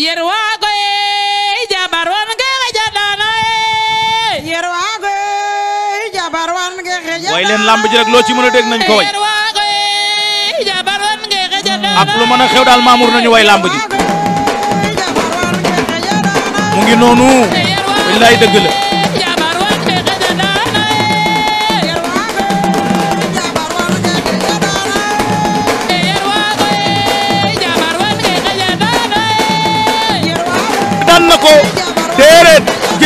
yé e jabar wonge xejaɗano e yerwago e jabar wonge xejaɗano way leen lamb ji rek loo ci mën a dégg nañ ko way yerwago e jabar wonge xejaɗano ak lu mën a xew daal maamur nañu way lamb mu ngi noonu wallaay dëgg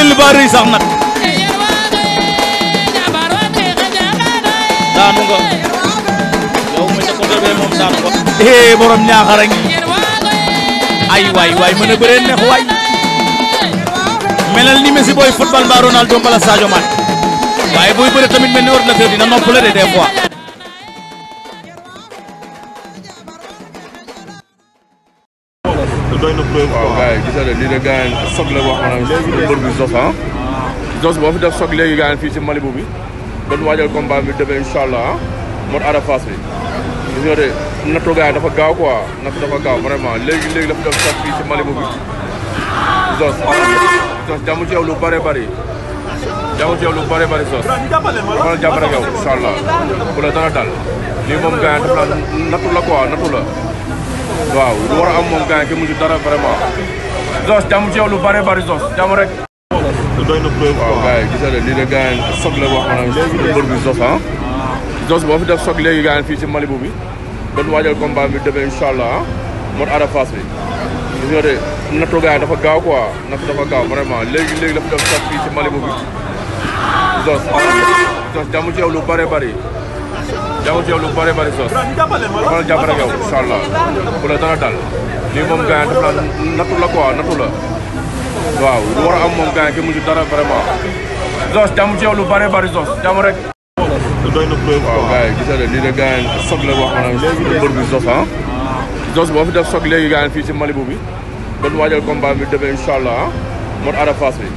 jël ba rëy sax nag daanu nga yow ma ca ko bébé moom daanu nga eh borom ñaaxara ay waay waay mën a bëree neex waay melal ni Messi booy football mbaa Ronaldo mbala Sadio Mané waaye booy bëre tamit mel ni ordinateur dina noppale de des fois doy na preuve quoi. waaw gars yi gis lii de gars soog la boo xam ne. léegi léegi mbër bu Zoss ah. boo fi def soog léegi gars yi fii ci Malibu bi. doon waajal combat bi demee incha allah ah. mot aada bi. gis de nattu gars dafa gaaw quoi nattu dafa gaaw vraiment léegi léegi dafa def soog fii ci Malibu bi. Zoss Zoss jàmm ci yow lu bare bari. jàmm ci yow lu bare bari Zoss. dafa nattu la quoi nattu la. waaw lu war a am moom gars yi kenn mënu dara vraiment. Zoss jàmm ci yow lu bare bari Zoss jàmm rek. doy na preuve gis nga lii de gars yi wax maanaam bi Zoss ah. Zoss boo fi def soog léegi gars fii si Malibu bi. doon waajal combat bi demee incha allah ah mot aada face bi. gis nga de nattu gars yi dafa gaaw quoi nattu dafa gaaw vraiment léegi léegi la fi def soog fii ci Malibu bi Zoss. Zoss jàmm ci yow lu bare bari. jàpp ci yow lu bëree bëri sos wala jàpp rek yow incha allah bu la dara dal lii moom gars a lu bëree bëri sos jàmm rek doy na preuve waaw gars yi gis nga lii de gars yi soog la wax bi sos ah sos boo fi def soog léegi gars yi fii ci Malibu bi doon waajal combat bi demee incha allah mot aada face bi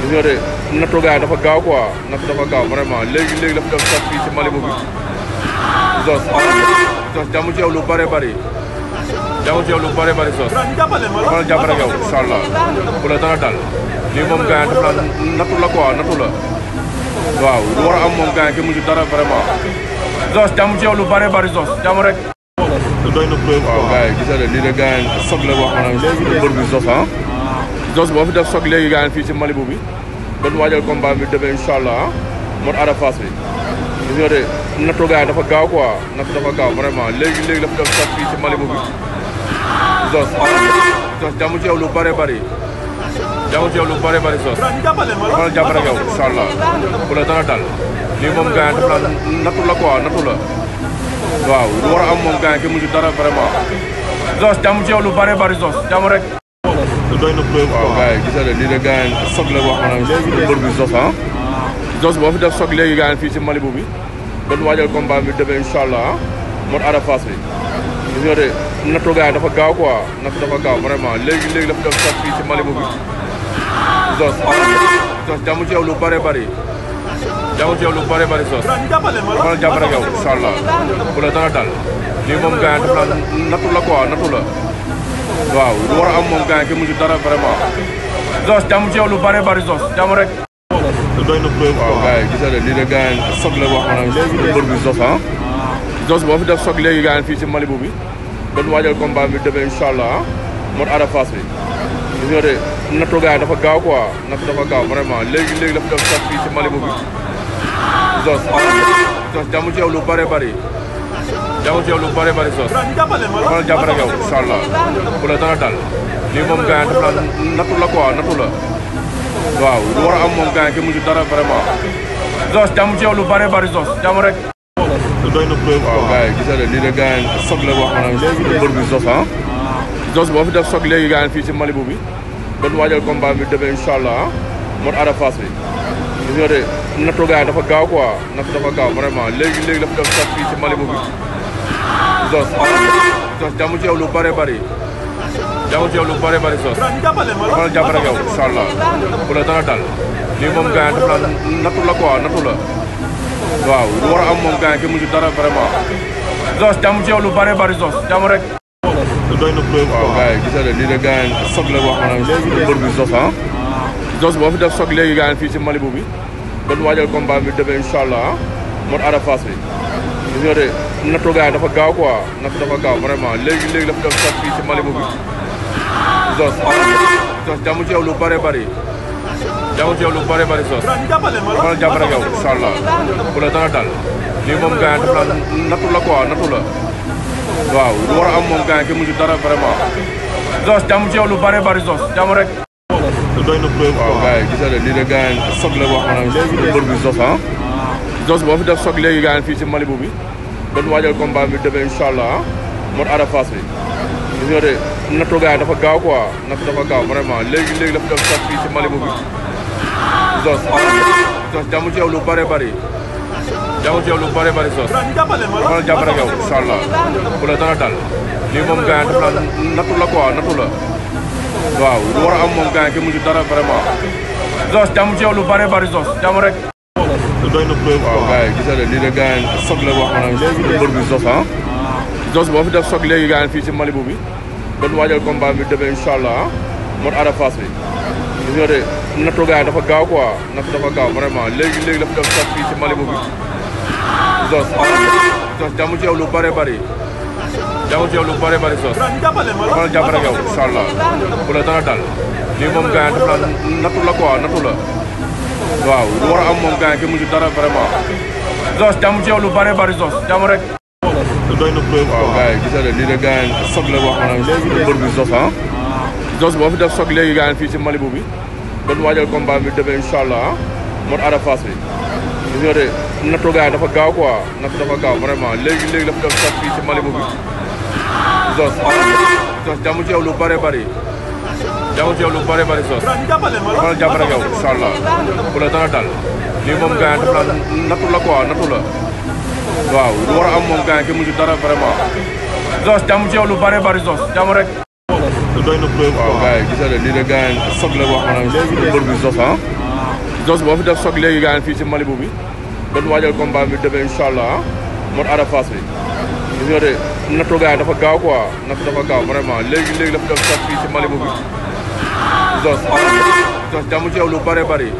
gis de nattu gars yi dafa gaaw quoi nattu dafa gaaw vraiment léegi léegi dafa def soog fii ci Malibu bi Zoss Zoss jàmm ci yow lu bare bari jàmm ci yow lu bare bari Zoss dama la rek yow incha allah bu la dara dal lii moom gars dafa nattu la quoi nattu la waaw lu war a am moom gars mu ci dara vraiment Zoss jàmm ci yow lu bare bari Zoss jàmm rek. doy na preuve waaw gars yi gis nga lii de gars soog la wax maanaam mbër bi Zoss ah Zoss boo fi def soog léegi gars yi fii ci Malibu bi doon waajal combat bi demee incha allah ah. mot aada face bi. gis nga de nattu gars yi dafa gaaw quoi nattu dafa gaaw vraiment léegi léegi dafa doon sax fii ci Malibu bi Zoss Zoss jam ci yow lu bare bari jàmm ci yow lu bare bari Zoss wala yow lu war a am moom gars yi yow lu bare bari Zoss jàmm rek. doy na preuve yi gis nga de lii de gars yi soog la wax ah. Jos boo fi def soog léegi gaa fii ci Malibu bi doon waajal combat bi demee incha allah mot aada face bi. gis nga de nattu gaa dafa nattu léegi léegi dafa def bi Jos. Jos jàmm ci yow lu bare bari jàmm ci lu bare bari Jos. dafa la jàpp rek la nattu la waaw lu war a am moom gaa ki mu dara vraiment. Jos jàmm ci yow lu bare bari Jos jàmm rek. doy na preuve. waaw gars yi gis nga lii de gars yi soog la wax maanaam. léegi léegi mbër bu Zoss ah. Zoss boo fi def soog léegi gars yi fii ci Malibu bi. doon waajal combat bi demee incha allah ah. mot aada face bi. gis nga de nattu gars yi dafa gaaw quoi nattu dafa gaaw vraiment léegi léegi dafa def soog fii ci Malibu bi. Zoss Zoss jàmm ci yow lu bare bari jàmm ci yow lu bare bari Zoss. xoolal jàpp rek yow incha bu la dara dal lii moom gars yi nattu la quoi nattu la. waaw lu war a am moom gaañ kenn mu ci dara vraiment Zoss jàmm ci yow lu bare bari Zoss jàmm rek. doy na preuve waaw gars yi gis nga lii de gaañ soog la wax maanaam mbër bi Zoss ah. Zoss boo fi def soog léegi gaañ fii ci Malibu bi doon waajal combat bi demee incha allah ah mot aada face bi. gis nga de nattu gaañ dafa gaaw quoi nattu dafa gaaw vraiment léegi léegi dafa def soog fii ci Malibu bi Zoss Zoss jàmm ci yow lu bare bari. jàmm ci yow lu bëri bëri sos wala jàpp rek yow incha allah bu la dara dal lii moom a am lu bëri bëri sos jàmm rek. doy na preuve waaw gars yi gis de gars yi soog la wax bi sos ah sos boo fi def soog léegi gars yi fii ci Malibu bi doon waajal combat bi demee incha allah ah mot nattu gars yi dafa gaaw quoi nattu dafa gaaw vraiment léegi léegi dafa def soog fii ci Malibu bi Zoss Zoss jàmm ci yow lu bare bari jàmm ci yow lu bare bari Zoss wala jàppale yow incha allah bu la dara dal lii moom gars yi dafa nattu la quoi nattu la waaw lu war a am moom gars yi ki mu dara vraiment Zoss jàmm ci yow lu bare bari Zoss jàmm rek doy na preuve waaw gars yi lii de gars yi la wax maanaam mbër bi Zoss ah Zoss boo fi def soog léegi gars yi fii ci Malibu bi doon waajal combat bi demee incha allah ah. mot aada face bi gis nga de nattu gars yi dafa gaaw quoi nattu dafa gaaw vraiment léegi léegi dafa doon sax fii si Malibu bi Zoss Zoss jàmm ci yow lu bare bari jàmm ci yow lu bare bari Zoss xoolal jàmm rek yow incha allah ku la dara dal lii moom gars yi dafa la nattu la quoi nattu la waaw lu war a am moom gars yi kenn mu ci dara vraiment Zoss jàmm ci yow lu bare bari Zoss jàmm rek. doy na preuve waaw gars yi gis nga de lii de gars yi soog la wax maanaam mbër bi Zoss ah. Jos boo fi def soog léegi gaa fii si Malibu bi doon waajal combat bi demee incha allah mot aada face bi. gis nga de nattu gaa dafa gaaw quoi nattu dafa gaaw léegi léegi dafa def soog fii ci Malibu bi Jos. Jos jàmm yow lu bare bari jàmm ci yow lu bare bari Jos. dafa la yow lu war a am moom gaa Jos jàmm ci yow lu bare bari Jos jàmm rek. te doy na preuve waaw gars yi gis nga lii de gars yi soog la ah. boo xam ne def soog léegi gars yi fii ci bi doon waajal combat bi demee incha allah mot aada faas dafa gaaw quoi nattu vraiment léegi léegi dafa def soog fii ci Malibu bi lu bare bari jàmm ci lu bare bari la dara moom gars yi dafa nattu la quoi nattu la waaw lu war a am moom gars yi mu ci dara vraiment. Zoss jàmm ci yow lu bare bari Zoss jàmm rek. doy na preuve gis nga lii de gars yi soog la wax maanaam mbër bi Zoss ah. ah. Zoss boo fi def soog léegi gars fii ci Malibu bi doon waajal combat bi demee incha allah ah. moo aada face bi. gis nga de nattu gars yi dafa gaaw quoi nattu dafa gaaw vraiment léegi léegi dafa def soog fii ci Malibu bi Zoss Zoss jàmm ci yow lu bare bari.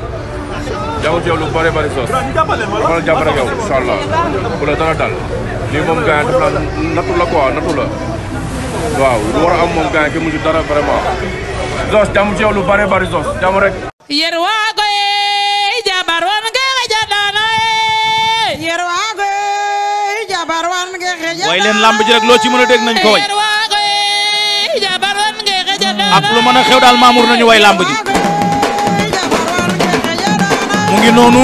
jàmm ci yow lu bëri bëri sos dama la la dara dal lii moom gars daf la nattu la quoi nattu waaw lu war a am moom gars yi ki mu ci dara vraiment sos jàmm ci yow lu bëri bëri sos jàmm rek yerwago e jabar wan ge xeja leen lamb ji rek loo ci mën a dégg nañ ko ak lu mën xew daal Mamour nañu way lamb ji mu ngi noonu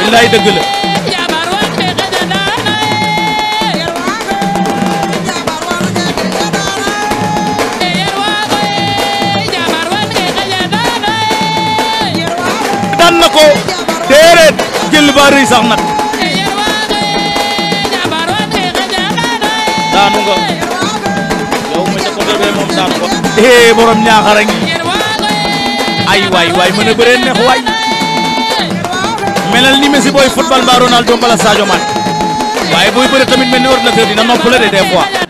wallaay dëgg la daan na ko déedéet jël ba rëy sax nag daanu nga yow mi ne ko defee moom daan ko eh borom ñaaxara ngi ay waay waay mën a bëree neex waay melal ni Messi booy football mbaa Ronaldo mbala Sadio Mané waaye booy bëre tamit mel ni dina noppale de des fois.